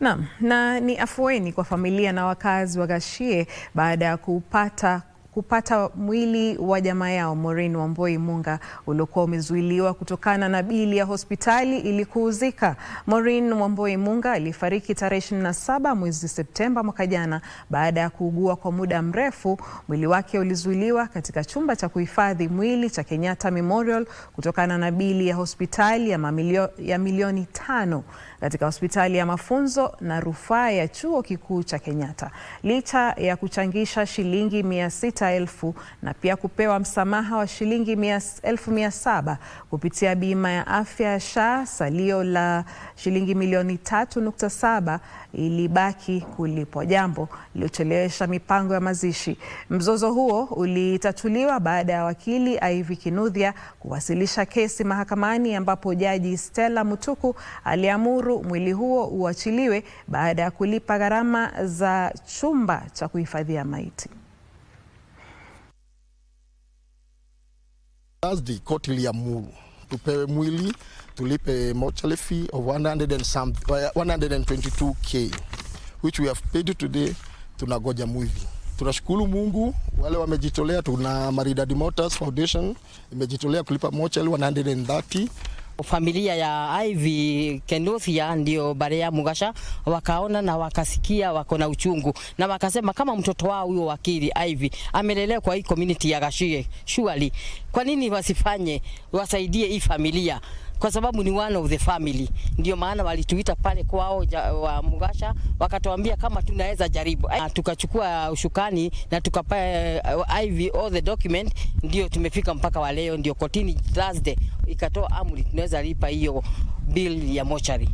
Na, na ni afueni kwa familia na wakazi wa Gashie baada ya kupata kupata mwili wa jamaa yao Maureen Wambui Munga uliokuwa umezuiliwa kutokana na bili ya hospitali ili kuuzika. Maureen Wambui Munga alifariki tarehe 27 mwezi Septemba mwaka jana baada ya kuugua kwa muda mrefu. Mwili wake ulizuiliwa katika chumba cha kuhifadhi mwili cha Kenyatta Memorial kutokana na bili ya hospitali ya mamilio, ya milioni tano katika hospitali ya mafunzo na rufaa ya Chuo Kikuu cha Kenyatta licha ya kuchangisha shilingi mia sita mita elfu na pia kupewa msamaha wa shilingi mia, elfu mia saba kupitia bima ya afya ya SHA. Salio la shilingi milioni tatu nukta saba ilibaki kulipwa, jambo iliyochelewesha mipango ya mazishi. Mzozo huo ulitatuliwa baada ya wakili Ivy Kinuthia kuwasilisha kesi mahakamani ambapo jaji Stella Mutuku aliamuru mwili huo uachiliwe baada ya kulipa gharama za chumba cha kuhifadhia maiti. Thursday court iliamuru tupewe mwili tulipe mortuary fee of 100 and some, 122k uh, which we have paid today. Tunagoja mwili. Tunashukuru Mungu, wale wamejitolea. Tuna Maridadi Motors Foundation imejitolea kulipa mortuary 130 Familia ya Ivy Kenuthia ndio bare ya Mugasha wakaona na wakasikia wako na uchungu na wakasema kama mtoto wao huyo wakili Ivy amelelewa kwa hii community ya Gashie, surely kwa nini wasifanye wasaidie hii familia? kwa sababu ni one of the family. Ndio maana walituita pale kwao wa Mugasha, wakatuambia kama tunaweza jaribu, tukachukua ushukani na tukapaa eh, IV all the document, ndio tumefika mpaka wa leo, ndio kotini Thursday ikatoa amri tunaweza lipa hiyo bill ya mochari.